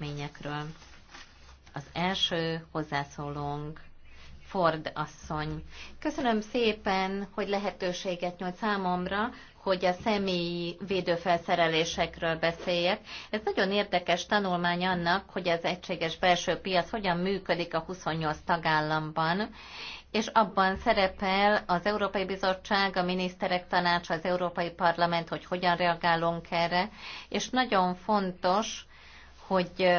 eseményekről. Az első hozzászólónk Ford asszony. Köszönöm szépen, hogy lehetőséget nyújt számomra, hogy a személyi védőfelszerelésekről beszéljek. Ez nagyon érdekes tanulmány annak, hogy az egységes belső piac hogyan működik a 28 tagállamban, és abban szerepel az Európai Bizottság, a miniszterek tanácsa, az Európai Parlament, hogy hogyan reagálunk erre, és nagyon fontos, hogy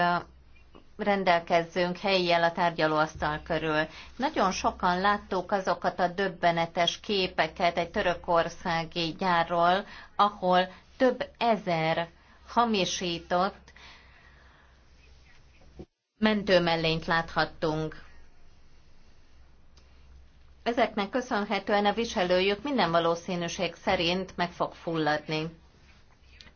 rendelkezzünk helyjel a tárgyalóasztal körül. Nagyon sokan láttuk azokat a döbbenetes képeket egy törökországi gyárról, ahol több ezer hamisított mentőmellényt láthattunk. Ezeknek köszönhetően a viselőjük minden valószínűség szerint meg fog fulladni.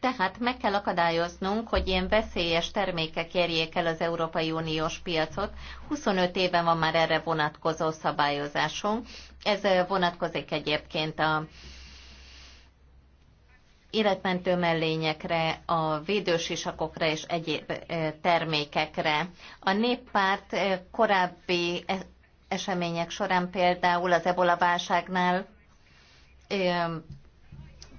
Tehát meg kell akadályoznunk, hogy ilyen veszélyes termékek érjék el az Európai Uniós piacot. 25 éve van már erre vonatkozó szabályozásunk. Ez vonatkozik egyébként a életmentő mellényekre, a védősisakokra és egyéb termékekre. A néppárt korábbi e-, események során például az ebola válságnál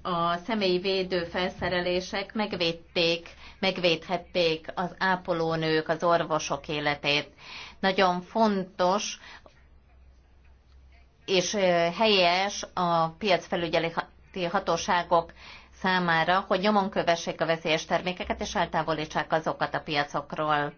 a személyi védő felszerelések megvédték, megvédhették az ápolónők, az orvosok életét. Nagyon fontos és helyes a piacfelügyeleti hatóságok számára, hogy nyomon kövessék a veszélyes termékeket, és eltávolítsák azokat a piacokról.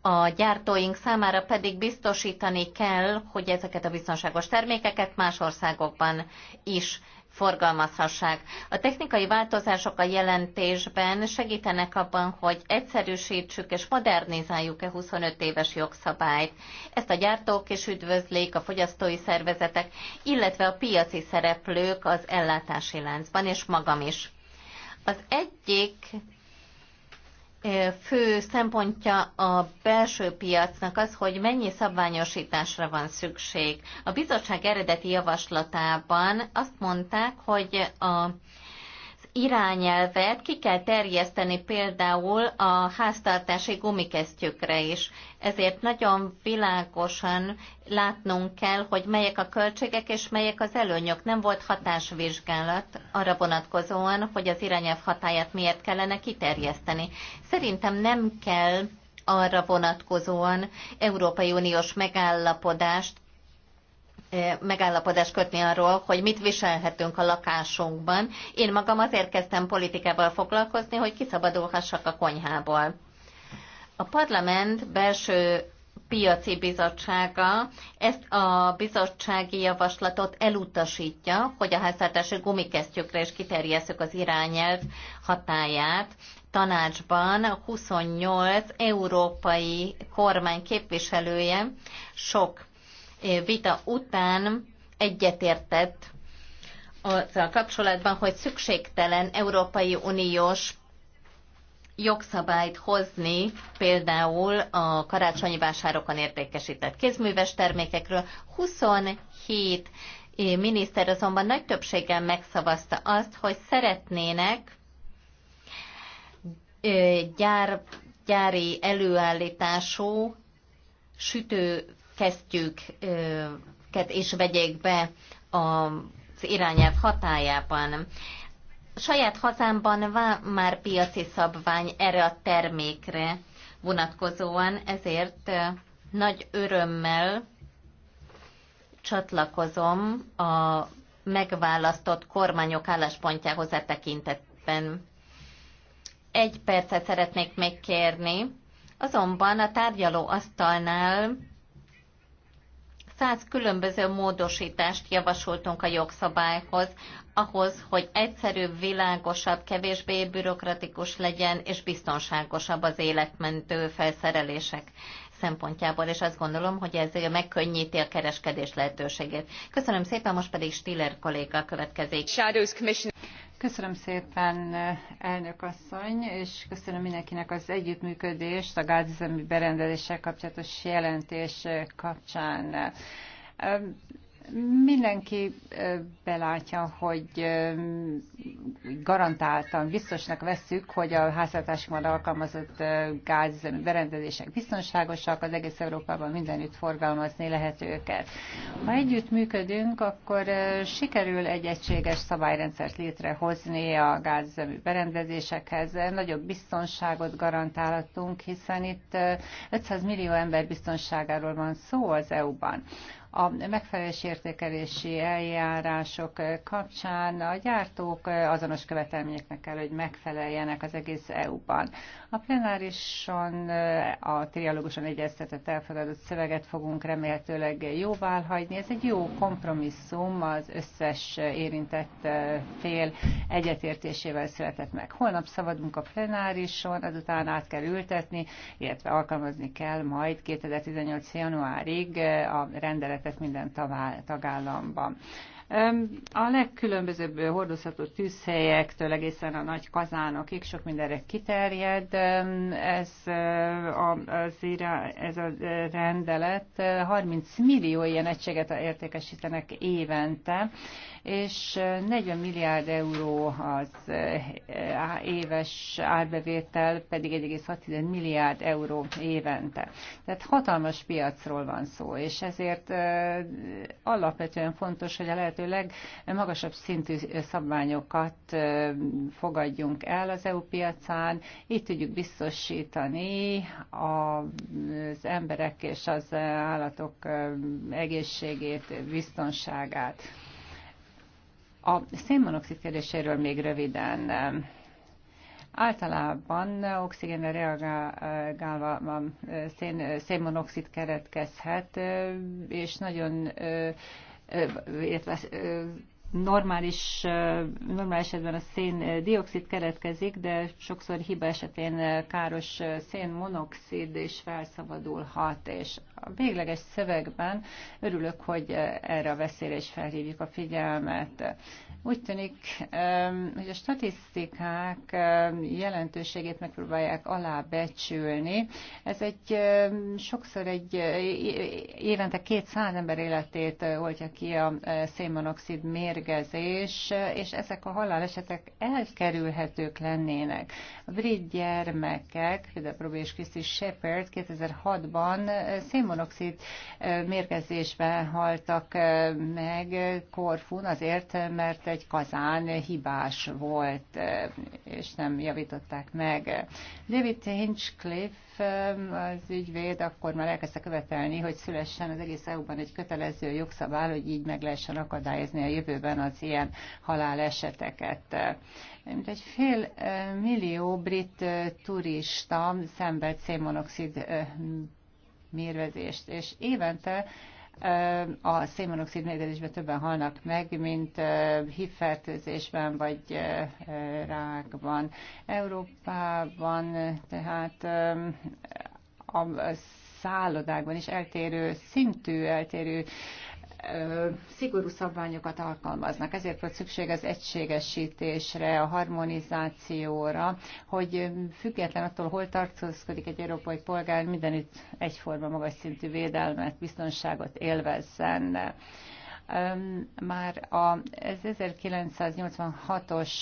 A gyártóink számára pedig biztosítani kell, hogy ezeket a biztonságos termékeket más országokban is forgalmazhassák. A technikai változások a jelentésben segítenek abban, hogy egyszerűsítsük és modernizáljuk e 25 éves jogszabályt. Ezt a gyártók is üdvözlik, a fogyasztói szervezetek, illetve a piaci szereplők az ellátási láncban, és magam is. Az egyik fő szempontja a belső piacnak az, hogy mennyi szabványosításra van szükség. A bizottság eredeti javaslatában azt mondták, hogy a irányelvet ki kell terjeszteni például a háztartási gumikesztyükre is. Ezért nagyon világosan látnunk kell, hogy melyek a költségek és melyek az előnyök. Nem volt hatásvizsgálat arra vonatkozóan, hogy az irányelv hatáját miért kellene kiterjeszteni. Szerintem nem kell arra vonatkozóan Európai Uniós megállapodást megállapodást kötni arról, hogy mit viselhetünk a lakásunkban. Én magam azért kezdtem politikával foglalkozni, hogy kiszabadulhassak a konyhából. A parlament belső piaci bizottsága ezt a bizottsági javaslatot elutasítja, hogy a háztartási gumikesztyükre is kiterjesszük az irányelv hatáját. Tanácsban 28 európai kormány képviselője sok vita után egyetértett azzal kapcsolatban, hogy szükségtelen Európai Uniós jogszabályt hozni, például a karácsonyi vásárokon értékesített kézműves termékekről. 27 miniszter azonban nagy többséggel megszavazta azt, hogy szeretnének gyár, gyári előállítású sütő kesztyűket is vegyék be az irányelv hatájában. saját hazámban van már piaci szabvány erre a termékre vonatkozóan, ezért nagy örömmel csatlakozom a megválasztott kormányok álláspontjához e tekintetben. Egy percet szeretnék még kérni, azonban a tárgyaló asztalnál száz különböző módosítást javasoltunk a jogszabályhoz, ahhoz, hogy egyszerűbb, világosabb, kevésbé bürokratikus legyen, és biztonságosabb az életmentő felszerelések szempontjából, és azt gondolom, hogy ez megkönnyíti a kereskedés lehetőségét. Köszönöm szépen, most pedig Stiller kolléga következik. Köszönöm szépen, elnök asszony, és köszönöm mindenkinek az együttműködést a gázüzemi berendezéssel kapcsolatos jelentés kapcsán. Mindenki belátja, hogy garantáltan biztosnak vesszük, hogy a háztartásban alkalmazott gázüzemű berendezések biztonságosak, az egész Európában mindenütt forgalmazni lehet őket. Ha együtt működünk, akkor sikerül egy egységes szabályrendszert létrehozni a gázüzemű berendezésekhez. Nagyobb biztonságot garantálhatunk, hiszen itt 500 millió ember biztonságáról van szó az EU-ban a megfelelés értékelési eljárások kapcsán a gyártók azonos követelményeknek kell, hogy megfeleljenek az egész EU-ban. A plenárison, a trialóguson egyeztetett elfogadott szöveget fogunk remélhetőleg jóvá hagyni. Ez egy jó kompromisszum az összes érintett fél egyetértésével született meg. Holnap szabadunk a plenárison, azután át kell ültetni, illetve alkalmazni kell majd 2018. januárig a rendelet szervezetek minden tagállamban. A legkülönbözőbb hordozható tűzhelyektől egészen a nagy kazánokig sok mindenre kiterjed. Ez, a, az, ez a rendelet 30 millió ilyen egységet értékesítenek évente, és 40 milliárd euró az éves árbevétel, pedig 1,6 milliárd euró évente. Tehát hatalmas piacról van szó, és ezért alapvetően fontos, hogy a lehet lehetőleg magasabb szintű szabványokat fogadjunk el az EU piacán, így tudjuk biztosítani az emberek és az állatok egészségét, biztonságát. A szénmonoxid kérdéséről még röviden. Általában oxigénre reagálva a szén, szénmonoxid keretkezhet, és nagyon illetve normális, normális esetben a széndiokszid keletkezik, de sokszor hiba esetén káros szénmonoxid is felszabadulhat, és a végleges szövegben örülök, hogy erre a veszélyre is felhívjuk a figyelmet. Úgy tűnik, hogy a statisztikák jelentőségét megpróbálják alábecsülni. Ez egy sokszor egy e, évente 200 ember életét oltja ki a e, szénmonoxid mérgezés, és ezek a halálesetek elkerülhetők lennének. A brit gyermekek, például Probé és Kriszti Shepard 2006-ban szén szénmonoxid mérgezésben haltak meg Korfun azért, mert egy kazán hibás volt, és nem javították meg. David Hinchcliffe, az ügyvéd, akkor már elkezdte követelni, hogy szülessen az egész EU-ban egy kötelező jogszabály, hogy így meg lehessen akadályozni a jövőben az ilyen haláleseteket. Mint egy fél millió brit turista szenved szénmonoxid mérvezést, és évente a szénmonoxid mérgezésben többen halnak meg, mint hívfertőzésben vagy rákban. Európában tehát a szállodákban is eltérő szintű, eltérő szigorú szabványokat alkalmaznak. Ezért volt szükség az egységesítésre, a harmonizációra, hogy független attól, hol tartózkodik egy európai polgár, mindenütt egyforma magas szintű védelmet, biztonságot élvezzen. Már a 1986-os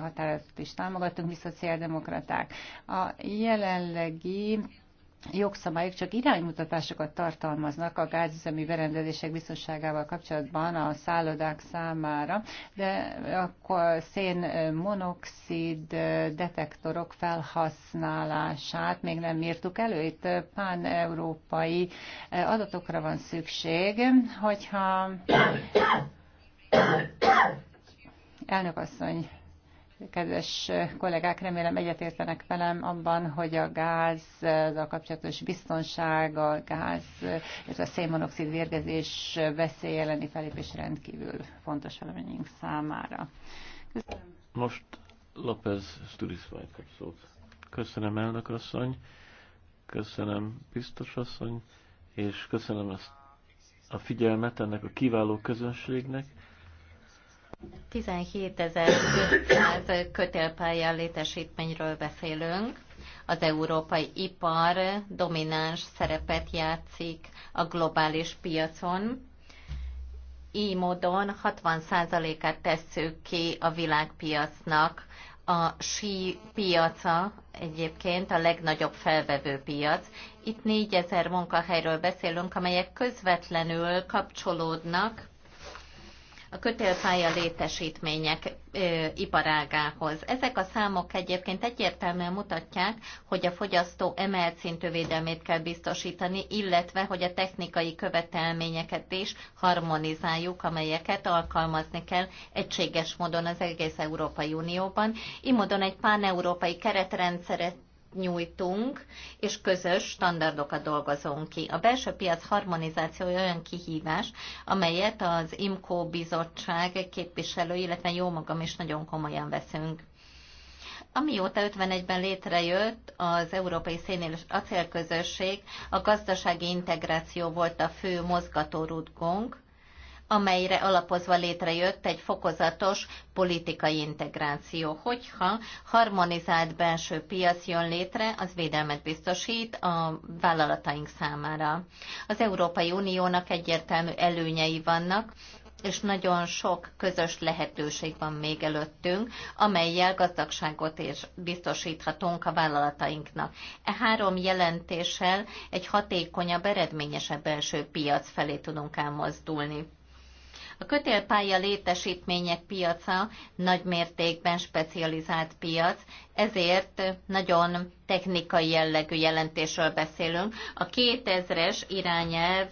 határat is támogattunk mi szociáldemokraták. A jelenlegi jogszabályok csak iránymutatásokat tartalmaznak a gázüzemi berendezések biztonságával kapcsolatban a szállodák számára, de akkor szén monoxid detektorok felhasználását még nem írtuk elő. Itt pán-európai adatokra van szükség, hogyha elnök asszony kedves kollégák, remélem egyetértenek velem abban, hogy a gáz, a kapcsolatos biztonság, a gáz, ez a szénmonoxid vérgezés veszély elleni felépés rendkívül fontos valamennyiünk számára. Köszönöm. Most López Sturisvány kap szót. Köszönöm elnök asszony, köszönöm biztos asszony, és köszönöm ezt a figyelmet ennek a kiváló közönségnek 17.500 kötélpálya létesítményről beszélünk. Az európai ipar domináns szerepet játszik a globális piacon. Így módon 60%-át tesszük ki a világpiacnak. A sí piaca egyébként a legnagyobb felvevő piac. Itt 4000 munkahelyről beszélünk, amelyek közvetlenül kapcsolódnak a kötélpálya létesítmények iparágához. Ezek a számok egyébként egyértelműen mutatják, hogy a fogyasztó emelt szintű védelmét kell biztosítani, illetve hogy a technikai követelményeket is harmonizáljuk, amelyeket alkalmazni kell egységes módon az egész Európai Unióban. Imodon egy pán-európai keretrendszeret nyújtunk, és közös standardokat dolgozunk ki. A belső piac harmonizációja olyan kihívás, amelyet az IMCO bizottság képviselő, illetve jó magam is nagyon komolyan veszünk. Amióta 51-ben létrejött az Európai Szénél és Acélközösség, a gazdasági integráció volt a fő mozgatórudgónk, amelyre alapozva létrejött egy fokozatos politikai integráció. Hogyha harmonizált belső piac jön létre, az védelmet biztosít a vállalataink számára. Az Európai Uniónak egyértelmű előnyei vannak, és nagyon sok közös lehetőség van még előttünk, amelyel gazdagságot és biztosíthatunk a vállalatainknak. E három jelentéssel egy hatékonyabb, eredményesebb belső piac felé tudunk elmozdulni. A kötélpálya létesítmények piaca nagy mértékben specializált piac, ezért nagyon technikai jellegű jelentésről beszélünk. A 2000-es irányelv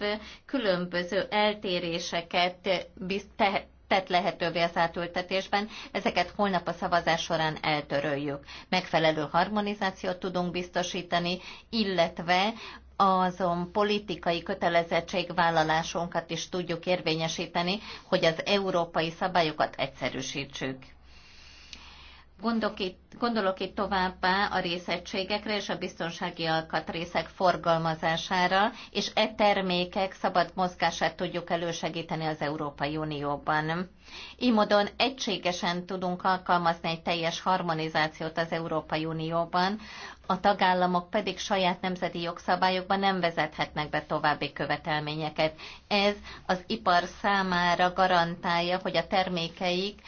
különböző eltéréseket bizt- tett lehetővé az átültetésben, ezeket holnap a szavazás során eltöröljük. Megfelelő harmonizációt tudunk biztosítani, illetve azon politikai kötelezettségvállalásunkat is tudjuk érvényesíteni, hogy az európai szabályokat egyszerűsítsük. Gondolok itt, gondolok itt továbbá a részegységekre és a biztonsági alkatrészek forgalmazására, és e termékek szabad mozgását tudjuk elősegíteni az Európai Unióban. Így módon egységesen tudunk alkalmazni egy teljes harmonizációt az Európai Unióban a tagállamok pedig saját nemzeti jogszabályokba nem vezethetnek be további követelményeket. Ez az ipar számára garantálja, hogy a termékeik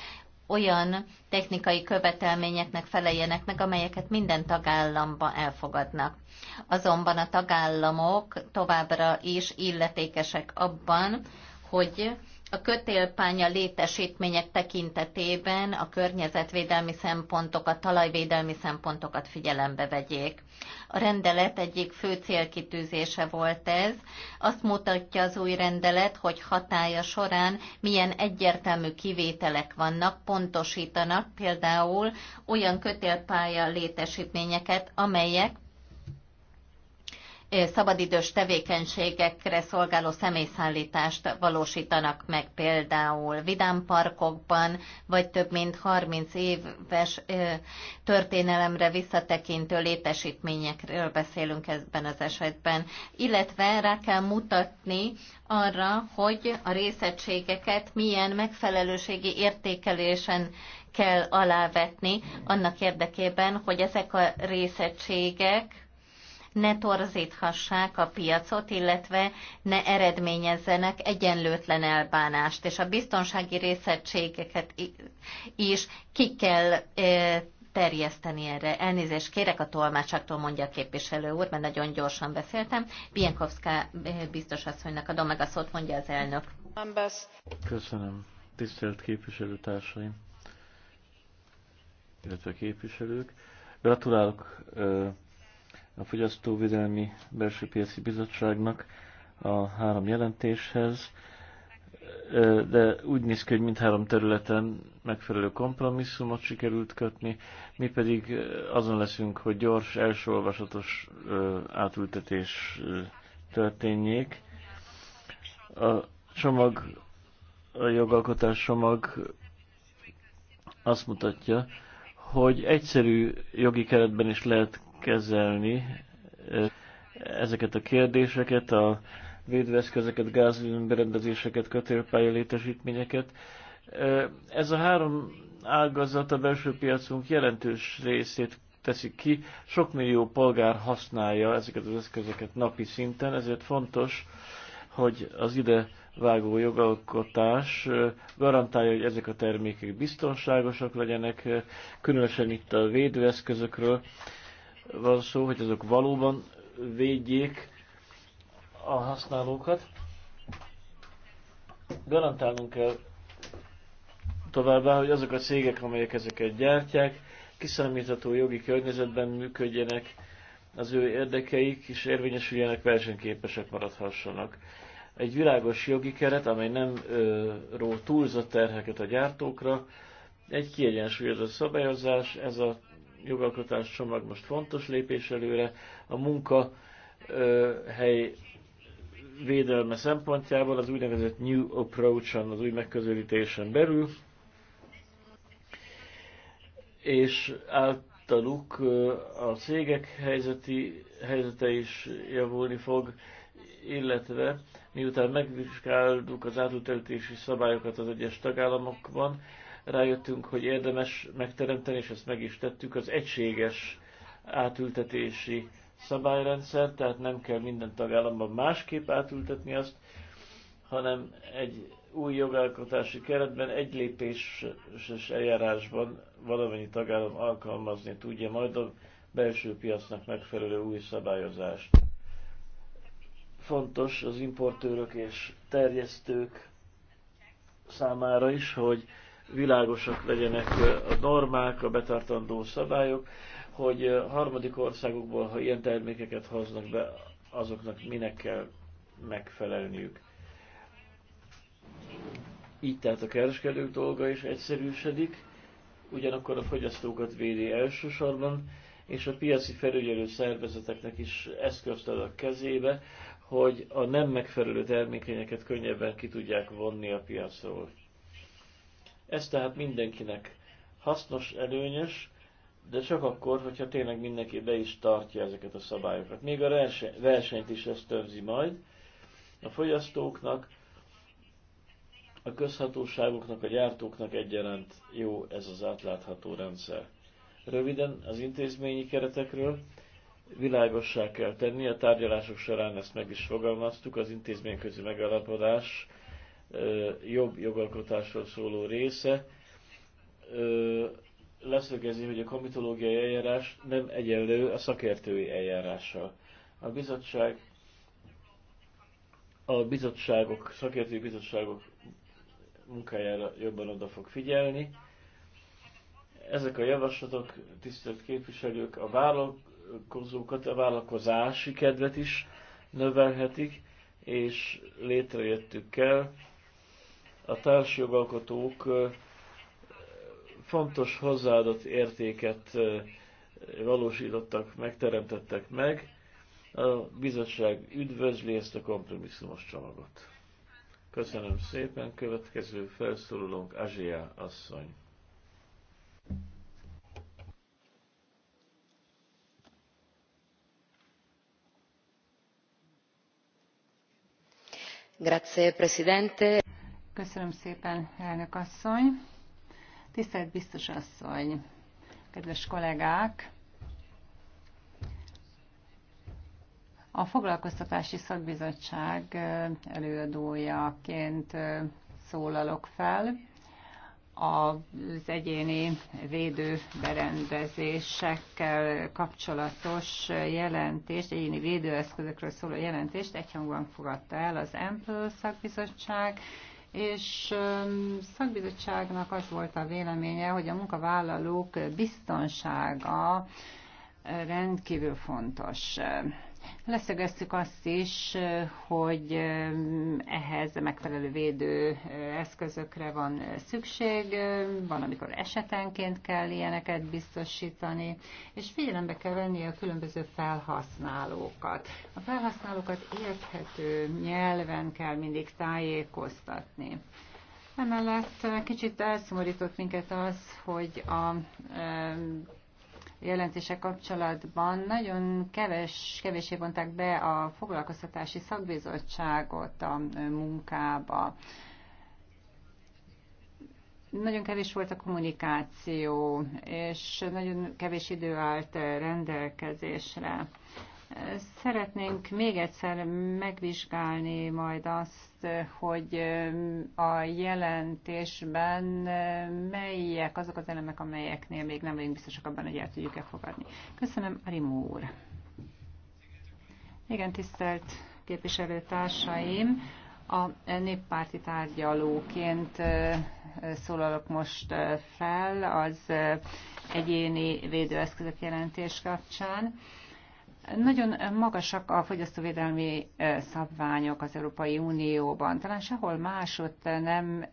olyan technikai követelményeknek feleljenek meg, amelyeket minden tagállamba elfogadnak. Azonban a tagállamok továbbra is illetékesek abban, hogy a kötélpánya létesítmények tekintetében a környezetvédelmi szempontokat, talajvédelmi szempontokat figyelembe vegyék. A rendelet egyik fő célkitűzése volt ez. Azt mutatja az új rendelet, hogy hatája során milyen egyértelmű kivételek vannak, pontosítanak például olyan kötélpálya létesítményeket, amelyek szabadidős tevékenységekre szolgáló személyszállítást valósítanak meg például vidámparkokban, vagy több mint 30 éves történelemre visszatekintő létesítményekről beszélünk ebben az esetben. Illetve rá kell mutatni arra, hogy a részegységeket milyen megfelelőségi értékelésen kell alávetni annak érdekében, hogy ezek a részegységek ne torzíthassák a piacot, illetve ne eredményezzenek egyenlőtlen elbánást, és a biztonsági részettségeket is ki kell terjeszteni erre. Elnézést kérek a tolmácsaktól, mondja a képviselő úr, mert nagyon gyorsan beszéltem. Pienkovská biztos asszonynak adom meg a szót, mondja az elnök. Köszönöm. Tisztelt képviselőtársaim, illetve képviselők. Gratulálok a Fogyasztóvédelmi Belső Piaci Bizottságnak a három jelentéshez, de úgy néz ki, hogy mindhárom területen megfelelő kompromisszumot sikerült kötni, mi pedig azon leszünk, hogy gyors, első olvasatos átültetés történjék. A csomag, a jogalkotás csomag azt mutatja, hogy egyszerű jogi keretben is lehet kezelni ezeket a kérdéseket, a védőeszközöket, gázberendezéseket, kötélpálya létesítményeket. Ez a három ágazat a belső piacunk jelentős részét teszik ki. Sok millió polgár használja ezeket az eszközöket napi szinten, ezért fontos, hogy az ide vágó jogalkotás garantálja, hogy ezek a termékek biztonságosak legyenek, különösen itt a védőeszközökről van szó, hogy azok valóban védjék a használókat. Garantálnunk kell továbbá, hogy azok a cégek, amelyek ezeket gyártják, kiszámítható jogi környezetben működjenek, az ő érdekeik is érvényesüljenek, versenyképesek maradhassanak. Egy világos jogi keret, amely nem ö, ró túlzott terheket a gyártókra, egy kiegyensúlyozott szabályozás, ez a jogalkotás csomag most fontos lépés előre. A munkahely védelme szempontjából az úgynevezett new approach-on, az új megközelítésen belül, és általuk a cégek helyzeti, helyzete is javulni fog, illetve miután megvizsgáltuk az átültetési szabályokat az egyes tagállamokban, rájöttünk, hogy érdemes megteremteni, és ezt meg is tettük, az egységes átültetési szabályrendszer, tehát nem kell minden tagállamban másképp átültetni azt, hanem egy új jogalkotási keretben egy lépéses eljárásban valamennyi tagállam alkalmazni tudja majd a belső piacnak megfelelő új szabályozást. Fontos az importőrök és terjesztők számára is, hogy világosak legyenek a normák, a betartandó szabályok, hogy harmadik országokból, ha ilyen termékeket hoznak be, azoknak minek kell megfelelniük. Így tehát a kereskedők dolga is egyszerűsödik, ugyanakkor a fogyasztókat védi elsősorban, és a piaci felügyelő szervezeteknek is eszközt ad a kezébe, hogy a nem megfelelő termékenyeket könnyebben ki tudják vonni a piacról. Ez tehát mindenkinek hasznos, előnyös, de csak akkor, hogyha tényleg mindenki be is tartja ezeket a szabályokat. Még a versenyt is ez törzi majd. A fogyasztóknak, a közhatóságoknak, a gyártóknak egyaránt jó ez az átlátható rendszer. Röviden az intézményi keretekről világossá kell tenni, a tárgyalások során ezt meg is fogalmaztuk, az intézményközi megállapodás jobb jogalkotásról szóló része leszögezi, hogy a komitológiai eljárás nem egyenlő a szakértői eljárással. A bizottság a bizottságok, szakértői bizottságok munkájára jobban oda fog figyelni. Ezek a javaslatok, tisztelt képviselők, a vállalkozókat, a vállalkozási kedvet is növelhetik, és létrejöttük el a társjogalkotók fontos hozzáadott értéket valósítottak, megteremtettek meg. A bizottság üdvözli ezt a kompromisszumos csomagot. Köszönöm szépen, következő felszólalónk Azsia asszony. Grazie, Presidente. Köszönöm szépen, elnök asszony. Tisztelt biztos asszony, kedves kollégák! A foglalkoztatási szakbizottság előadójaként szólalok fel az egyéni védőberendezésekkel kapcsolatos jelentést, egyéni védőeszközökről szóló jelentést egyhangban fogadta el az Ample szakbizottság, és szakbizottságnak az volt a véleménye, hogy a munkavállalók biztonsága rendkívül fontos leszögeztük azt is, hogy ehhez a megfelelő védő eszközökre van szükség, van, amikor esetenként kell ilyeneket biztosítani, és figyelembe kell venni a különböző felhasználókat. A felhasználókat érthető nyelven kell mindig tájékoztatni. Emellett kicsit elszomorított minket az, hogy a jelentése kapcsolatban nagyon keves, kevésé vonták be a foglalkoztatási szakbizottságot a munkába. Nagyon kevés volt a kommunikáció, és nagyon kevés idő állt rendelkezésre. Szeretnénk még egyszer megvizsgálni majd azt, hogy a jelentésben melyek azok az elemek, amelyeknél még nem vagyunk biztosak abban, hogy el tudjuk-e fogadni. Köszönöm, Arimó úr. Igen, tisztelt képviselőtársaim! A néppárti tárgyalóként szólalok most fel az egyéni védőeszközök jelentés kapcsán. Nagyon magasak a fogyasztóvédelmi szabványok az Európai Unióban. Talán sehol máshogy nem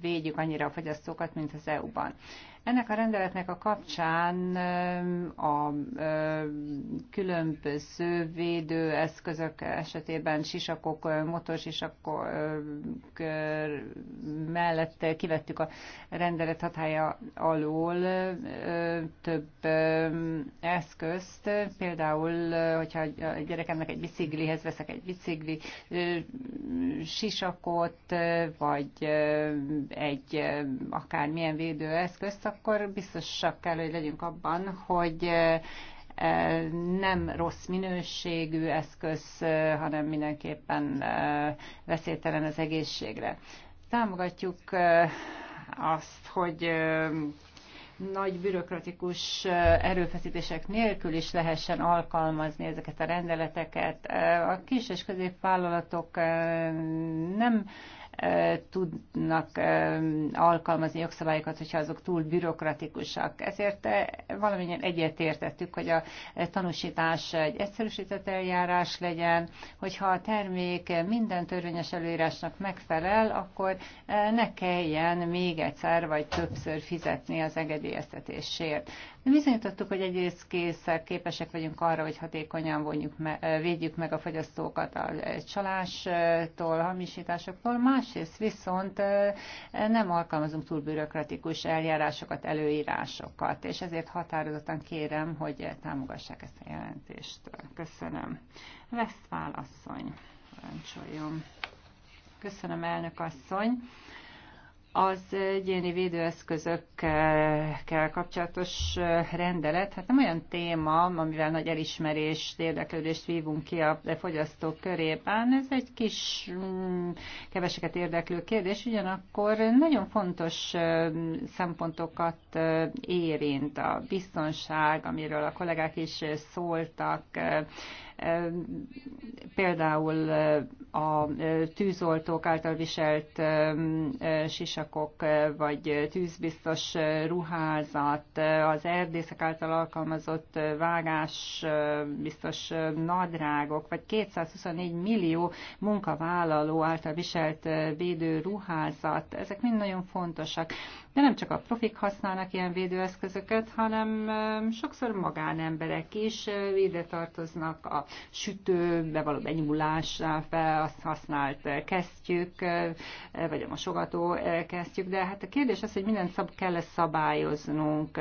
védjük annyira a fogyasztókat, mint az EU-ban. Ennek a rendeletnek a kapcsán a különböző védőeszközök esetében sisakok, motorsisakok mellett kivettük a rendelet hatája alól több eszközt, például, hogyha a gyerekemnek egy biciklihez veszek egy bicikli sisakot, vagy egy akármilyen védőeszközt, akkor biztosak kell, hogy legyünk abban, hogy nem rossz minőségű eszköz, hanem mindenképpen veszélytelen az egészségre. Támogatjuk azt, hogy nagy bürokratikus erőfeszítések nélkül is lehessen alkalmazni ezeket a rendeleteket. A kis és középvállalatok nem tudnak alkalmazni jogszabályokat, hogyha azok túl bürokratikusak. Ezért valamilyen egyetértettük, hogy a tanúsítás egy egyszerűsített eljárás legyen, hogyha a termék minden törvényes előírásnak megfelel, akkor ne kelljen még egyszer vagy többször fizetni az engedélyeztetésért. Bizonyítottuk, hogy egyrészt készek, képesek vagyunk arra, hogy hatékonyan vonjuk me, védjük meg a fogyasztókat a csalástól, hamisításoktól, másrészt viszont nem alkalmazunk túl bürokratikus eljárásokat, előírásokat, és ezért határozottan kérem, hogy támogassák ezt a jelentést. Köszönöm. Veszt válaszony. Köszönöm, elnök asszony. Az egyéni védőeszközökkel kapcsolatos eh, rendelet, hát nem olyan téma, amivel nagy elismerést, érdeklődést vívunk ki a fogyasztók körében. Ez egy kis, mm, keveseket érdeklő kérdés, ugyanakkor nagyon fontos eh, szempontokat eh, érint a biztonság, amiről a kollégák is szóltak, Például a tűzoltók által viselt sisakok, vagy tűzbiztos ruházat, az erdészek által alkalmazott vágás biztos nadrágok, vagy 224 millió munkavállaló által viselt védő ruházat, ezek mind nagyon fontosak. De nem csak a profik használnak ilyen védőeszközöket, hanem sokszor magánemberek is ide tartoznak a sütőbe való fel azt használt kesztyűk, vagy a mosogató kesztyük. de hát a kérdés az, hogy minden szab kell -e szabályoznunk,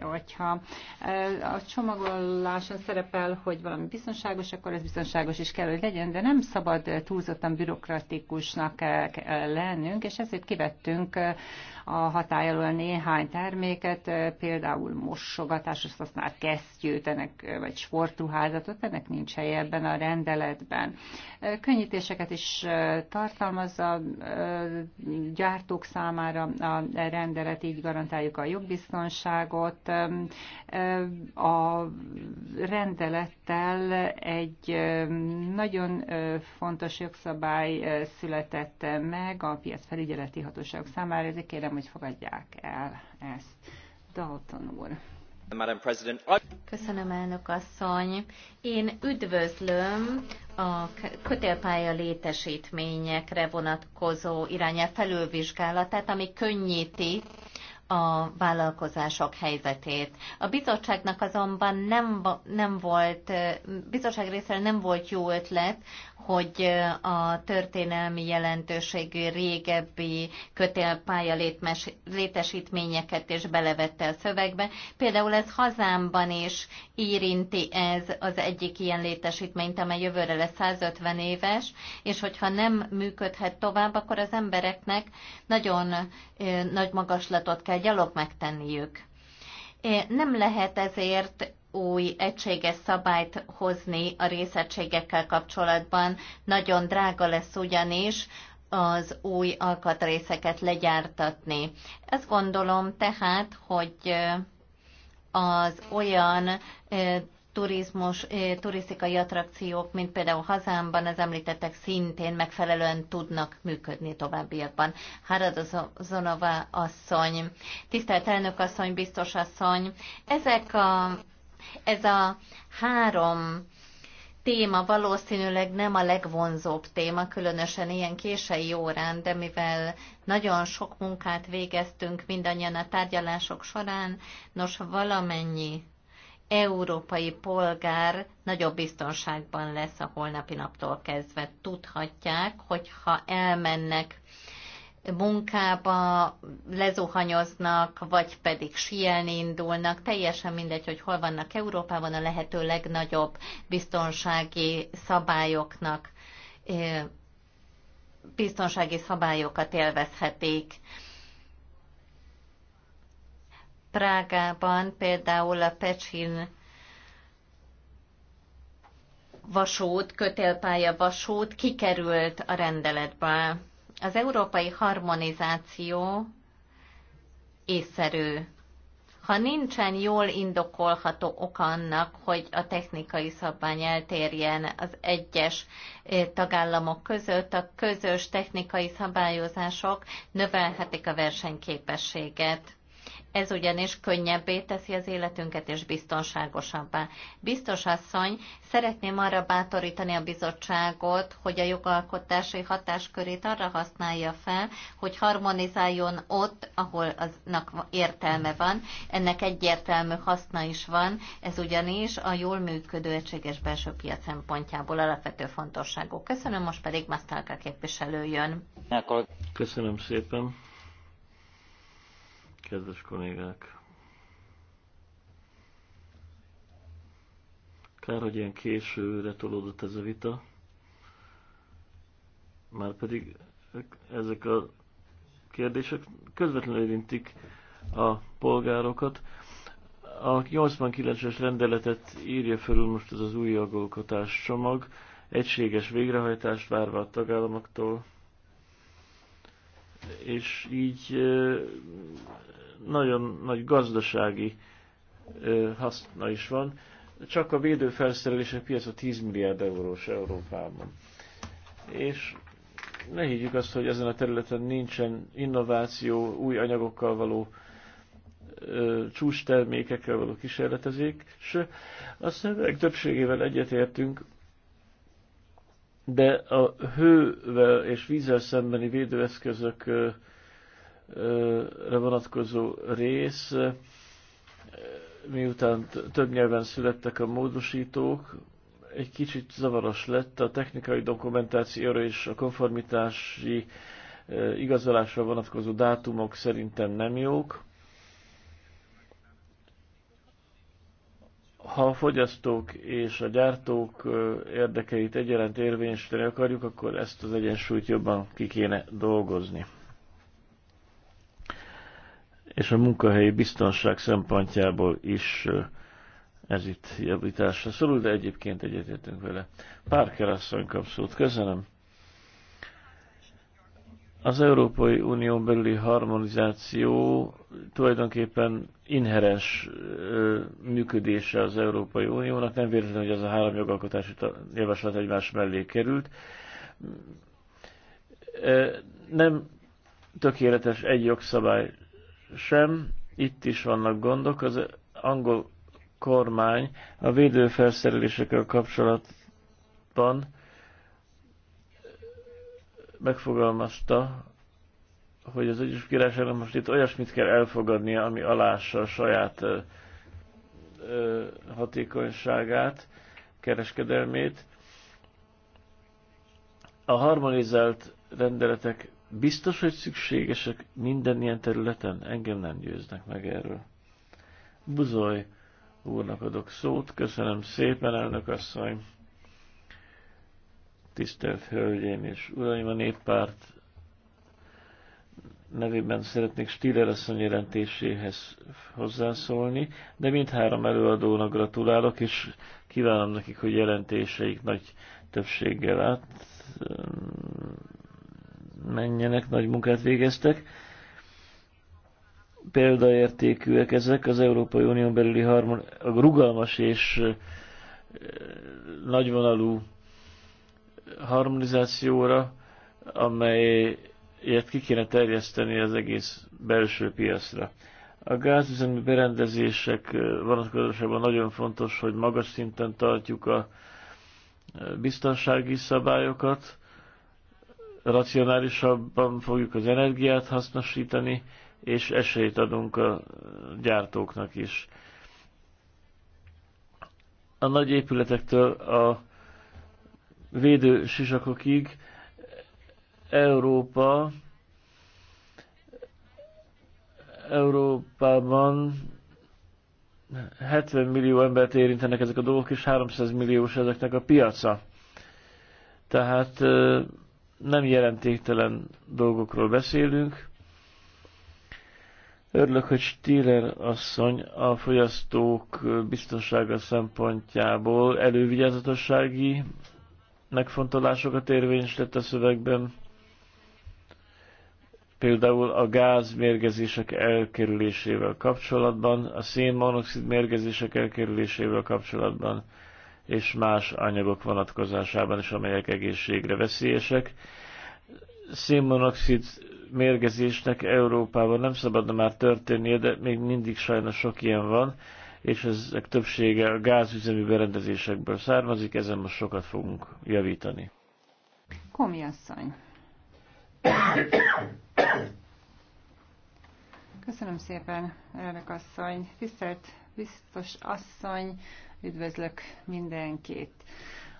hogyha a csomagoláson szerepel, hogy valami biztonságos, akkor ez biztonságos is kell, hogy legyen, de nem szabad túlzottan bürokratikusnak lennünk, és ezért kivettünk a hatály néhány terméket, például azt használt kesztyűt, ennek, vagy sportruházatot, ennek nincs helye ebben a rendeletben. Könnyítéseket is tartalmazza a gyártók számára a rendelet, így garantáljuk a jogbiztonságot. A rendelettel egy nagyon fontos jogszabály született meg a piac felügyeleti hatóságok számára, ezért kérem, hogy fogadják fogadják el ezt. Dalton úr. Köszönöm, elnök asszony. Én üdvözlöm a kötélpálya létesítményekre vonatkozó irányelv felülvizsgálatát, ami könnyíti a vállalkozások helyzetét. A bizottságnak azonban nem, nem volt, eh, bizottság részéről nem volt jó ötlet hogy a történelmi jelentőségű régebbi kötélpálya létesítményeket is belevette a szövegbe. Például ez hazámban is érinti ez az egyik ilyen létesítményt, amely jövőre lesz 150 éves, és hogyha nem működhet tovább, akkor az embereknek nagyon nagy magaslatot kell gyalog megtenniük. Nem lehet ezért új egységes szabályt hozni a részegységekkel kapcsolatban. Nagyon drága lesz ugyanis az új alkatrészeket legyártatni. Ezt gondolom tehát, hogy az olyan turizmus, turisztikai attrakciók, mint például hazámban az említettek szintén megfelelően tudnak működni továbbiakban. Háradozonova asszony, tisztelt elnök asszony, biztos asszony, ezek a ez a három téma valószínűleg nem a legvonzóbb téma, különösen ilyen késői órán, de mivel nagyon sok munkát végeztünk mindannyian a tárgyalások során, nos valamennyi európai polgár nagyobb biztonságban lesz a holnapi naptól kezdve. Tudhatják, hogy ha elmennek munkába lezuhanyoznak, vagy pedig sielni indulnak. Teljesen mindegy, hogy hol vannak Európában, a lehető legnagyobb biztonsági szabályoknak, biztonsági szabályokat élvezhetik. Prágában például a Pecsin vasút, kötélpálya vasút kikerült a rendeletből az európai harmonizáció észszerű. Ha nincsen jól indokolható oka annak, hogy a technikai szabvány eltérjen az egyes tagállamok között, a közös technikai szabályozások növelhetik a versenyképességet ez ugyanis könnyebbé teszi az életünket és biztonságosabbá. Biztos asszony, szeretném arra bátorítani a bizottságot, hogy a jogalkotási hatáskörét arra használja fel, hogy harmonizáljon ott, ahol aznak értelme van. Ennek egyértelmű haszna is van, ez ugyanis a jól működő egységes belső piac szempontjából alapvető fontosságú. Köszönöm, most pedig Masztálka képviselő jön. Köszönöm szépen. Kedves kollégák! Kár, hogy ilyen későre tolódott ez a vita. Márpedig ezek a kérdések közvetlenül érintik a polgárokat. A 89-es rendeletet írja felül most ez az új jogalkotás csomag, egységes végrehajtást várva a tagállamoktól, és így nagyon nagy gazdasági haszna is van. Csak a védőfelszerelések piaca 10 milliárd eurós Európában. És ne higgyük azt, hogy ezen a területen nincsen innováció, új anyagokkal való csúcstermékekkel való kísérletezés. Azt hiszem, többségével egyetértünk, de a hővel és vízzel szembeni védőeszközökre vonatkozó rész, miután több nyelven születtek a módosítók, egy kicsit zavaros lett a technikai dokumentációra és a konformitási igazolásra vonatkozó dátumok szerintem nem jók. ha a fogyasztók és a gyártók érdekeit egyaránt érvényesíteni akarjuk, akkor ezt az egyensúlyt jobban ki kéne dolgozni. És a munkahelyi biztonság szempontjából is ez itt javításra szorul, de egyébként egyetértünk vele. Pár asszony kap Köszönöm. Az Európai Unió belüli harmonizáció tulajdonképpen inherens működése az Európai Uniónak, nem véletlen, hogy az a három jogalkotási javaslat egymás mellé került. Nem tökéletes egy jogszabály sem, itt is vannak gondok. Az angol kormány a védőfelszerelésekkel kapcsolatban megfogalmazta, hogy az Egyesült Királyságnak most itt olyasmit kell elfogadnia, ami alássa a saját ö, ö, hatékonyságát, kereskedelmét. A harmonizált rendeletek biztos, hogy szükségesek minden ilyen területen? Engem nem győznek meg erről. Buzoly úrnak adok szót, köszönöm szépen, elnök asszony. Tisztelt Hölgyeim és Uraim, a néppárt nevében szeretnék Stiller asszony jelentéséhez hozzászólni, de mindhárom előadónak gratulálok, és kívánom nekik, hogy jelentéseik nagy többséggel át mm, menjenek, nagy munkát végeztek. Példaértékűek ezek az Európai Unión belüli harmon, a rugalmas és eh, nagyvonalú harmonizációra, amelyet ki kéne terjeszteni az egész belső piacra. A gázüzemi berendezések vonatkozásában nagyon fontos, hogy magas szinten tartjuk a biztonsági szabályokat, racionálisabban fogjuk az energiát hasznosítani, és esélyt adunk a gyártóknak is. A nagy épületektől a védő sisakokig Európa Európában 70 millió embert érintenek ezek a dolgok, és 300 milliós ezeknek a piaca. Tehát nem jelentéktelen dolgokról beszélünk. Örülök, hogy Stiller asszony a fogyasztók biztonsága szempontjából elővigyázatossági megfontolásokat érvényesített a szövegben, például a gáz mérgezések elkerülésével kapcsolatban, a szénmonoxid mérgezések elkerülésével kapcsolatban, és más anyagok vonatkozásában is, amelyek egészségre veszélyesek. Szénmonoxid mérgezésnek Európában nem szabadna már történnie, de még mindig sajnos sok ilyen van, és ezek többsége a gázüzemi berendezésekből származik, ezen most sokat fogunk javítani. Komi asszony. Köszönöm szépen, elnök asszony. Tisztelt biztos asszony, üdvözlök mindenkit.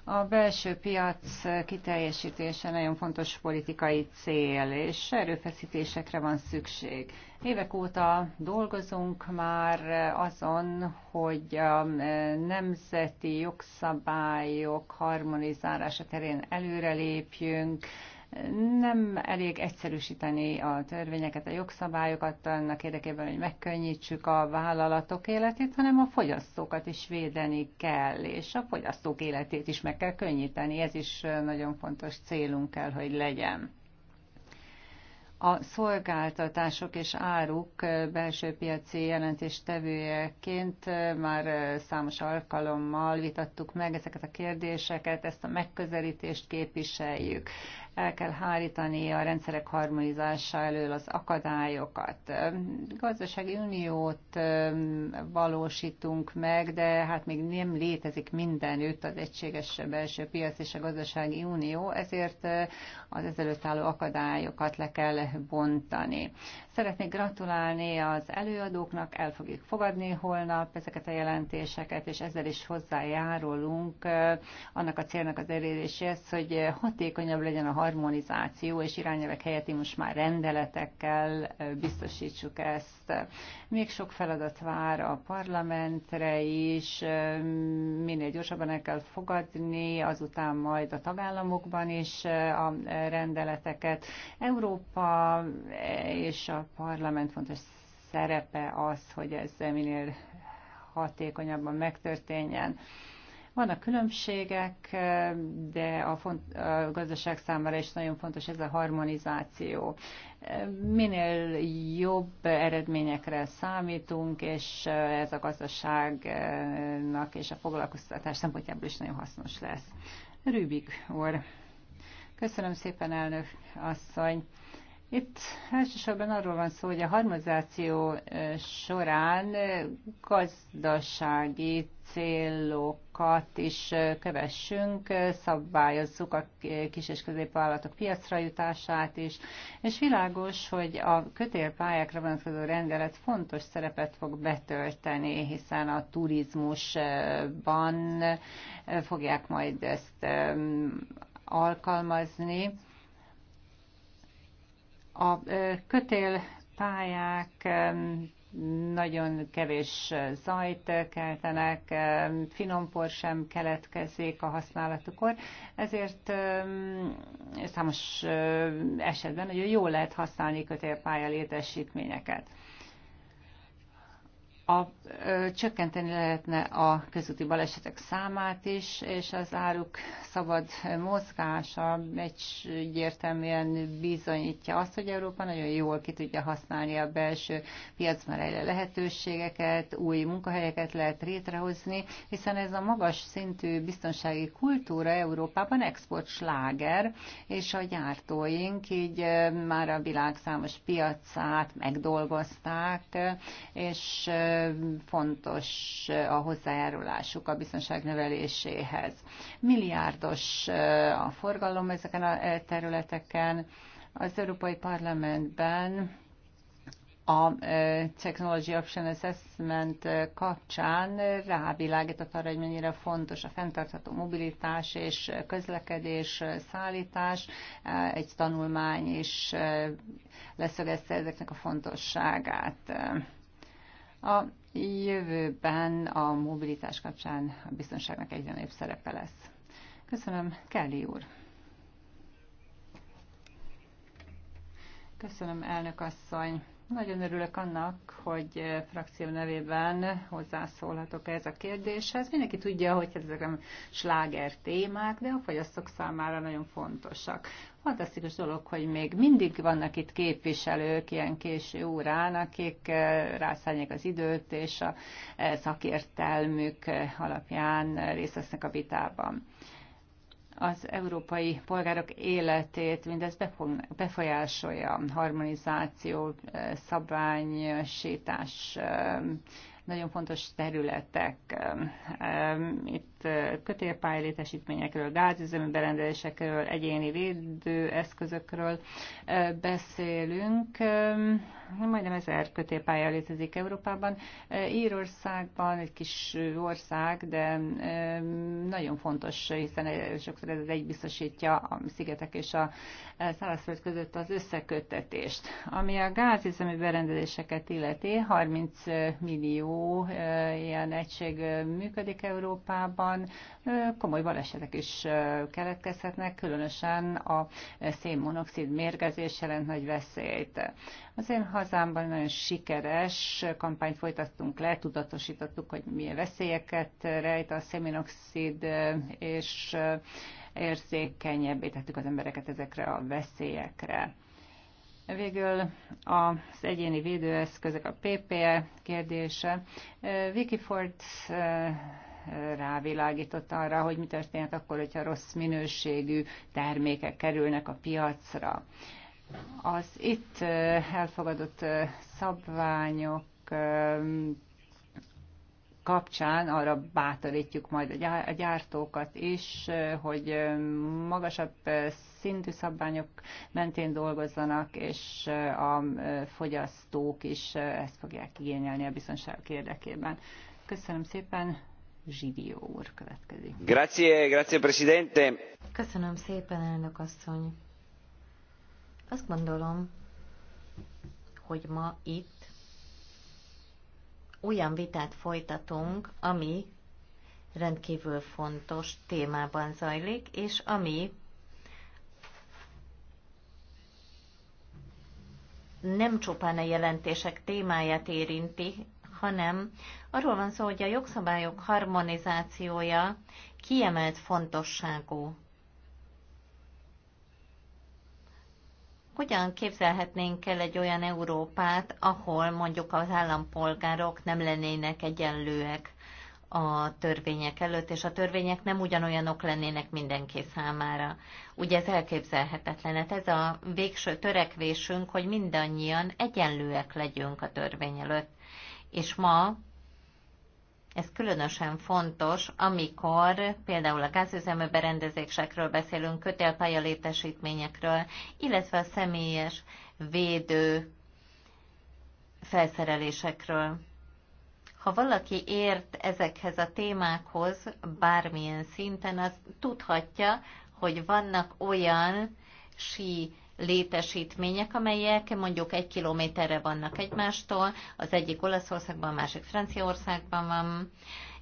A belső piac kiteljesítése nagyon fontos politikai cél, és erőfeszítésekre van szükség. Évek óta dolgozunk már azon, hogy a e, nemzeti jogszabályok harmonizálása terén előrelépjünk, nem elég egyszerűsíteni a törvényeket, a jogszabályokat annak érdekében, hogy megkönnyítsük a vállalatok életét, hanem a fogyasztókat is védeni kell, és a fogyasztók életét is meg kell könnyíteni. Ez is nagyon fontos célunk kell, hogy legyen a szolgáltatások és áruk belső piaci jelentéstevőjeként eh, már eh, számos alkalommal vitattuk meg ezeket a kérdéseket, ezt a megközelítést képviseljük. El kell hárítani a rendszerek harmonizása elől az akadályokat. Gazdasági uniót eh, valósítunk meg, de hát még nem létezik mindenütt az egységes belső piac és a gazdasági unió, ezért az ezelőtt álló akadályokat le kell bontani. Szeretnék gratulálni az előadóknak, el fogjuk fogadni holnap ezeket a jelentéseket, és ezzel is hozzájárulunk annak a célnak az eléréséhez, hogy hatékonyabb legyen a harmonizáció, és irányelvek helyett most már rendeletekkel biztosítsuk ezt. Még sok feladat vár a parlamentre is, minél gyorsabban el kell fogadni, azután majd a tagállamokban is a rendeleteket. Európa és a parlament fontos szerepe az, hogy ez minél hatékonyabban megtörténjen. Vannak különbségek, de a, font, a gazdaság számára is nagyon fontos ez a harmonizáció. Minél jobb eredményekre számítunk, és ez a gazdaságnak és a foglalkoztatás szempontjából is nagyon hasznos lesz. Rübik úr. Köszönöm szépen, elnök asszony. Itt elsősorban arról van szó, hogy a harmonizáció során gazdasági célokat is kövessünk, szabályozzuk a kis és középvállalatok piacra jutását is, és világos, hogy a kötélpályákra vonatkozó rendelet fontos szerepet fog betölteni, hiszen a turizmusban fogják majd ezt alkalmazni a kötélpályák nagyon kevés zajt keltenek, finompor sem keletkezik a használatukor, ezért számos esetben nagyon jól lehet használni kötélpálya létesítményeket a, ö, csökkenteni lehetne a közúti balesetek számát is, és az áruk szabad mozgása egyértelműen bizonyítja azt, hogy Európa nagyon jól ki tudja használni a belső piacban lehetőségeket, új munkahelyeket lehet létrehozni, hiszen ez a magas szintű biztonsági kultúra Európában exportsláger, és a gyártóink így már a világ számos piacát megdolgozták, és fontos a hozzájárulásuk a biztonság növeléséhez. Milliárdos a forgalom ezeken a területeken. Az Európai Parlamentben a Technology Option Assessment kapcsán rávilágított arra, hogy mennyire fontos a fenntartható mobilitás és közlekedés, szállítás. Egy tanulmány is leszögezte ezeknek a fontosságát a jövőben a mobilitás kapcsán a biztonságnak egyre nagyobb szerepe lesz. Köszönöm, Kelly úr. Köszönöm, elnök asszony. Nagyon örülök annak, hogy eh, frakció nevében hozzászólhatok ehhez a kérdéshez. Mindenki tudja, hogy hát ezek nem sláger témák, de a fogyasztók számára nagyon fontosak. Fantasztikus dolog, hogy még mindig vannak itt képviselők ilyen késő órán, akik eh, rászállják az időt, és a eh, szakértelmük alapján részt vesznek a vitában az európai polgárok életét mindez befolyásolja, harmonizáció, sétás, nagyon fontos területek. Itt kötélpályalétesítményekről, gázüzemű berendezésekről, egyéni védőeszközökről beszélünk. Majdnem ezer kötélpálya létezik Európában. Írországban egy kis ország, de nagyon fontos, hiszen sokszor ez egy biztosítja a szigetek és a szárazföld között az összeköttetést. Ami a gázüzemű berendezéseket illeti, 30 millió ilyen egység működik Európában, van, komoly balesetek is keletkezhetnek, különösen a szénmonoxid mérgezés jelent nagy veszélyt. Az én hazámban nagyon sikeres kampányt folytattunk le, tudatosítottuk, hogy milyen veszélyeket rejt a szénmonoxid, és érzékenyebbé tettük az embereket ezekre a veszélyekre. Végül az egyéni védőeszközök a PPE kérdése. Vicky Ford rávilágított arra, hogy mi történhet akkor, hogyha rossz minőségű termékek kerülnek a piacra. Az itt elfogadott szabványok kapcsán arra bátorítjuk majd a gyártókat is, hogy magasabb szintű szabványok mentén dolgozzanak, és a fogyasztók is ezt fogják igényelni a biztonságok érdekében. Köszönöm szépen, Zsidió úr következik. Grazie, grazie, presidente. Köszönöm szépen, elnök asszony. Azt gondolom, hogy ma itt olyan vitát folytatunk, ami rendkívül fontos témában zajlik, és ami nem csupán a jelentések témáját érinti, hanem arról van szó, hogy a jogszabályok harmonizációja kiemelt fontosságú. Hogyan képzelhetnénk el egy olyan Európát, ahol mondjuk az állampolgárok nem lennének egyenlőek a törvények előtt, és a törvények nem ugyanolyanok lennének mindenki számára. Ugye ez elképzelhetetlen. Hát ez a végső törekvésünk, hogy mindannyian egyenlőek legyünk a törvény előtt. És ma ez különösen fontos, amikor például a gázüzemű berendezésekről beszélünk, kötélpálya létesítményekről, illetve a személyes védő felszerelésekről. Ha valaki ért ezekhez a témákhoz bármilyen szinten, az tudhatja, hogy vannak olyan sí létesítmények, amelyek mondjuk egy kilométerre vannak egymástól, az egyik Olaszországban, a másik Franciaországban van.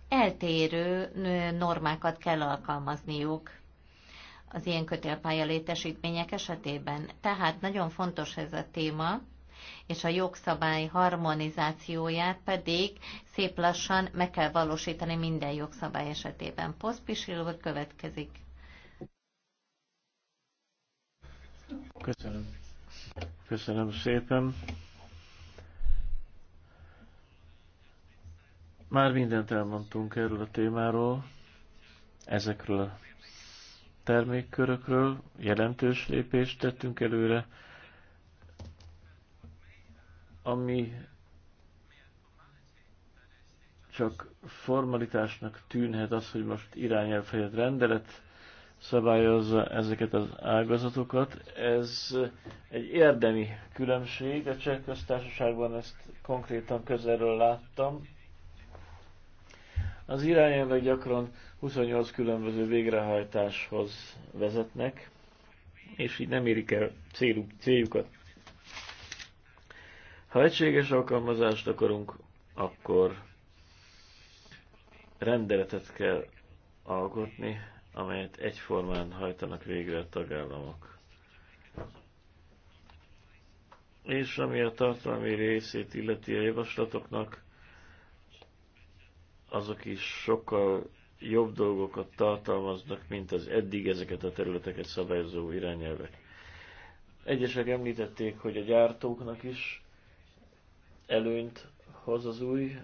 Eltérő normákat kell alkalmazniuk az ilyen kötélpálya létesítmények esetében. Tehát nagyon fontos ez a téma, és a jogszabály harmonizációját pedig szép lassan meg kell valósítani minden jogszabály esetében. Poszpisilva következik. Köszönöm. Köszönöm szépen. Már mindent elmondtunk erről a témáról, ezekről a termékkörökről, jelentős lépést tettünk előre, ami csak formalitásnak tűnhet az, hogy most irányelv rendelet szabályozza ezeket az ágazatokat. Ez egy érdemi különbség, a cseh köztársaságban ezt konkrétan közelről láttam. Az irányelvek gyakran 28 különböző végrehajtáshoz vezetnek, és így nem érik el céluk, céljukat. Ha egységes alkalmazást akarunk, akkor rendeletet kell alkotni amelyet egyformán hajtanak végre a tagállamok. És ami a tartalmi részét illeti a javaslatoknak, azok is sokkal jobb dolgokat tartalmaznak, mint az eddig ezeket a területeket szabályozó irányelvek. Egyesek említették, hogy a gyártóknak is előnyt hoz az új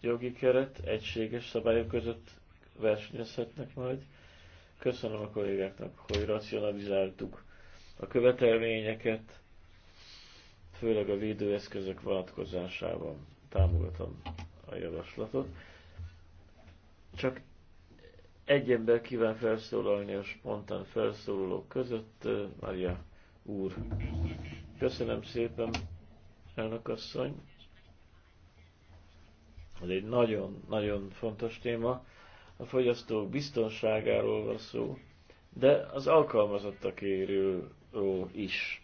jogi keret, egységes szabályok között versenyezhetnek majd. Köszönöm a kollégáknak, hogy racionalizáltuk a követelményeket, főleg a védőeszközök vonatkozásában támogatom a javaslatot. Csak egy ember kíván felszólalni a spontán felszólalók között, Maria úr. Köszönöm szépen, elnök asszony. Ez egy nagyon-nagyon fontos téma a fogyasztók biztonságáról van szó, de az alkalmazottakéről is.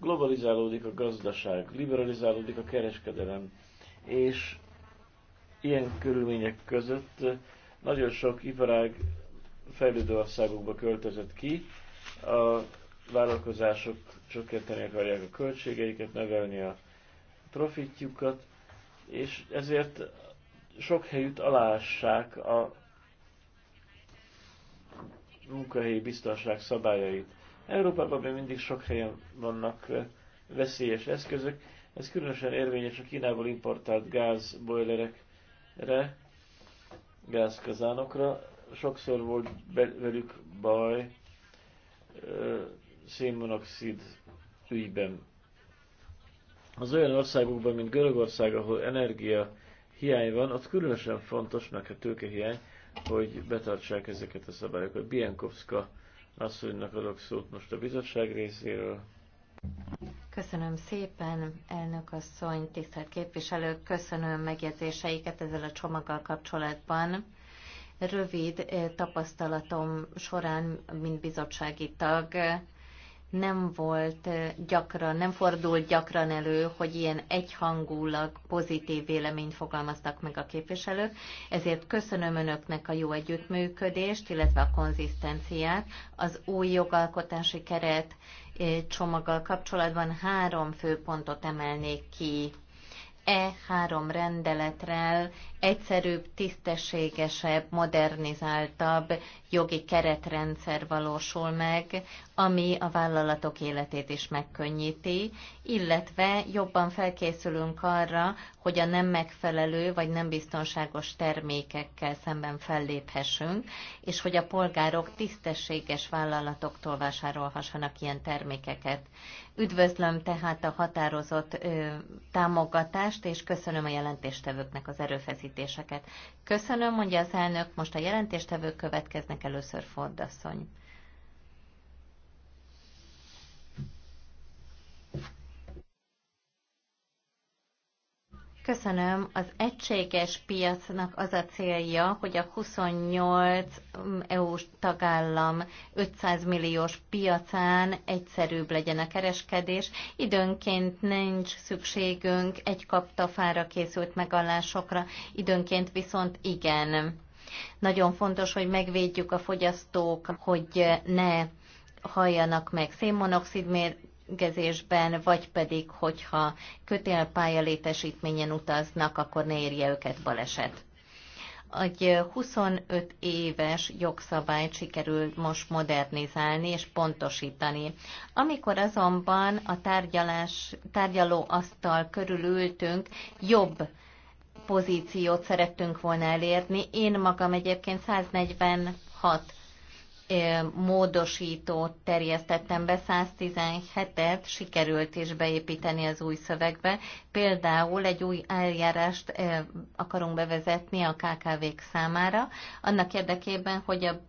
Globalizálódik a gazdaság, liberalizálódik a kereskedelem, és ilyen körülmények között nagyon sok iparág fejlődő országokba költözött ki, a vállalkozások csökkenteni akarják a költségeiket, növelni a profitjukat, és ezért sok helyütt alássák a munkahelyi biztonság szabályait. Európában még mindig sok helyen vannak veszélyes eszközök, ez különösen érvényes a Kínából importált gázbojlerekre, gázkazánokra. Sokszor volt velük baj szénmonoxid ügyben. Az olyan országokban, mint Görögország, ahol energia hiány van, az különösen fontosnak a tőkehiány, hogy betartsák ezeket a szabályokat. Bienkowska asszonynak adok szót most a bizottság részéről. Köszönöm szépen, elnök asszony, tisztelt képviselők, köszönöm megjegyzéseiket ezzel a csomaggal kapcsolatban. Rövid eh, tapasztalatom során, mint bizottsági tag, nem volt gyakran, nem fordult gyakran elő, hogy ilyen egyhangulag pozitív véleményt fogalmaztak meg a képviselők, ezért köszönöm Önöknek a jó együttműködést, illetve a konzisztenciát. Az új jogalkotási keret csomaggal kapcsolatban három főpontot emelnék ki. E három rendeletrel egyszerűbb, tisztességesebb, modernizáltabb jogi keretrendszer valósul meg ami a vállalatok életét is megkönnyíti, illetve jobban felkészülünk arra, hogy a nem megfelelő vagy nem biztonságos termékekkel szemben felléphessünk, és hogy a polgárok tisztességes vállalatoktól vásárolhassanak ilyen termékeket. Üdvözlöm tehát a határozott ö, támogatást, és köszönöm a jelentéstevőknek az erőfeszítéseket. Köszönöm, mondja az elnök, most a jelentéstevők következnek először Ford asszony. Köszönöm. Az egységes piacnak az a célja, hogy a 28 eu tagállam 500 milliós piacán egyszerűbb legyen a kereskedés. Időnként nincs szükségünk egy kaptafára készült megállásokra, időnként viszont igen. Nagyon fontos, hogy megvédjük a fogyasztók, hogy ne halljanak meg szénmonoxid étkezésben, vagy pedig, hogyha kötélpálya létesítményen utaznak, akkor ne érje őket baleset. Egy 25 éves jogszabályt sikerült most modernizálni és pontosítani. Amikor azonban a tárgyalás, tárgyaló asztal ültünk, jobb pozíciót szerettünk volna elérni. Én magam egyébként 146 módosítót terjesztettem be, 117-et sikerült is beépíteni az új szövegbe. Például egy új eljárást akarunk bevezetni a KKV-k számára, annak érdekében, hogy a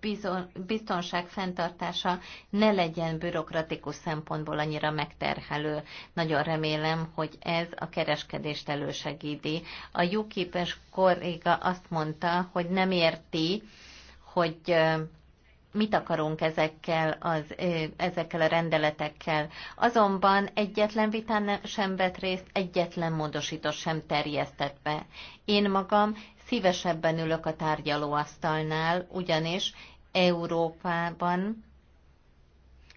biztonság fenntartása ne legyen bürokratikus szempontból annyira megterhelő. Nagyon remélem, hogy ez a kereskedést elősegíti. A jóképes es kolléga azt mondta, hogy nem érti, hogy mit akarunk ezekkel, az, ezekkel a rendeletekkel. Azonban egyetlen vitán sem vett részt, egyetlen módosító sem terjesztett be. Én magam szívesebben ülök a tárgyalóasztalnál, ugyanis Európában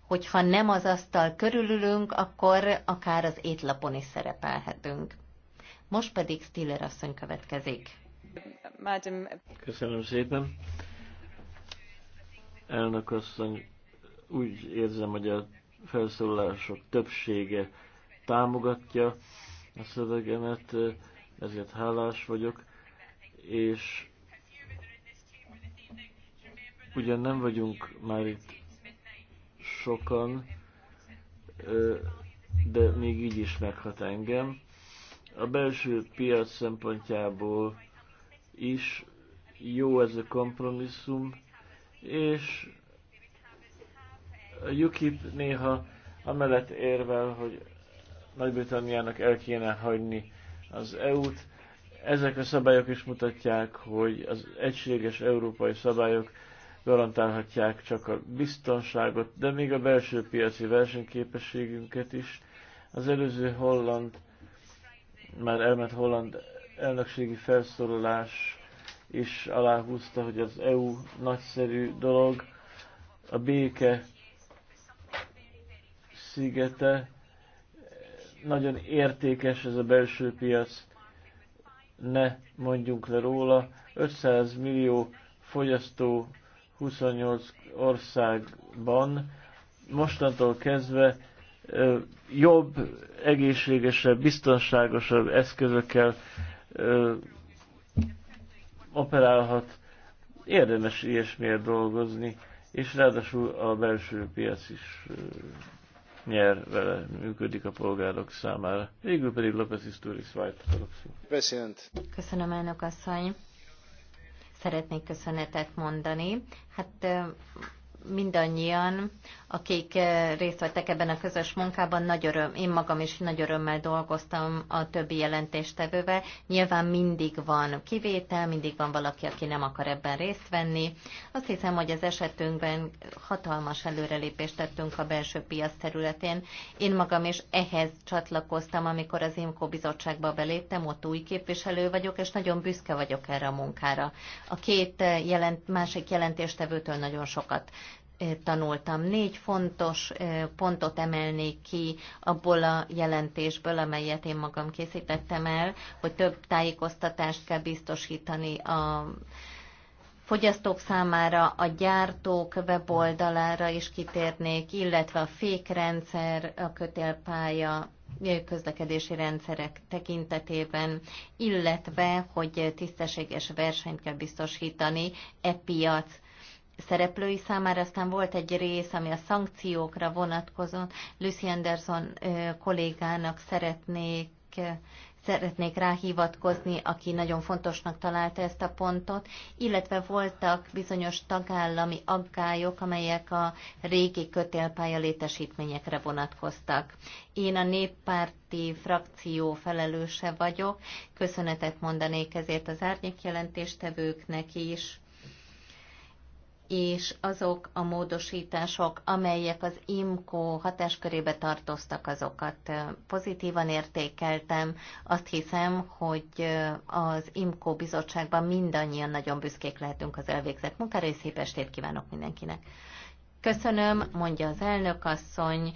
hogyha nem az asztal körülülünk, akkor akár az étlapon is szerepelhetünk. Most pedig Stiller asszony következik. Köszönöm szépen elnök asszony, úgy érzem, hogy a felszólalások többsége támogatja a szövegemet, ezért hálás vagyok, és ugyan nem vagyunk már itt sokan, de még így is meghat engem. A belső piac szempontjából is jó ez a kompromisszum, és a UKIP néha amellett érvel, hogy Nagy-Britanniának el kéne hagyni az EU-t. Ezek a szabályok is mutatják, hogy az egységes európai szabályok garantálhatják csak a biztonságot, de még a belső piaci versenyképességünket is. Az előző holland, már elment holland elnökségi felszólalás is aláhúzta, hogy az EU nagyszerű dolog, a béke szigete, nagyon értékes ez a belső piac, ne mondjunk le róla, 500 millió fogyasztó 28 országban mostantól kezdve jobb, egészségesebb, biztonságosabb eszközökkel operálhat, érdemes ilyesmiért dolgozni, és ráadásul a belső piac is nyer vele, működik a polgárok számára. Végül pedig López Isturiz White President. Köszönöm, elnök asszony. Szeretnék köszönetet mondani. Hát mindannyian, akik eh, részt vettek ebben a közös munkában, nagy öröm, én magam is nagy örömmel dolgoztam a többi jelentéstevővel. Nyilván mindig van kivétel, mindig van valaki, aki nem akar ebben részt venni. Azt hiszem, hogy az esetünkben hatalmas előrelépést tettünk a belső piac területén. Én magam is ehhez csatlakoztam, amikor az IMCO bizottságba beléptem, ott új képviselő vagyok, és nagyon büszke vagyok erre a munkára. A két eh, jelent, másik jelentéstevőtől nagyon sokat tanultam. Négy fontos pontot emelnék ki abból a jelentésből, amelyet én magam készítettem el, hogy több tájékoztatást kell biztosítani a fogyasztók számára, a gyártók weboldalára is kitérnék, illetve a fékrendszer, a kötélpálya közlekedési rendszerek tekintetében, illetve hogy tisztességes versenyt kell biztosítani e piac szereplői számára, aztán volt egy rész, ami a szankciókra vonatkozott. Lucy Anderson kollégának szeretnék szeretnék ráhivatkozni, aki nagyon fontosnak találta ezt a pontot, illetve voltak bizonyos tagállami aggályok, amelyek a régi kötélpálya létesítményekre vonatkoztak. Én a néppárti frakció felelőse vagyok, köszönetet mondanék ezért az árnyékjelentéstevőknek is, és azok a módosítások, amelyek az IMCO hatáskörébe tartoztak, azokat pozitívan értékeltem. Azt hiszem, hogy az IMCO bizottságban mindannyian nagyon büszkék lehetünk az elvégzett munkára, és szép estét kívánok mindenkinek. Köszönöm, mondja az elnök asszony.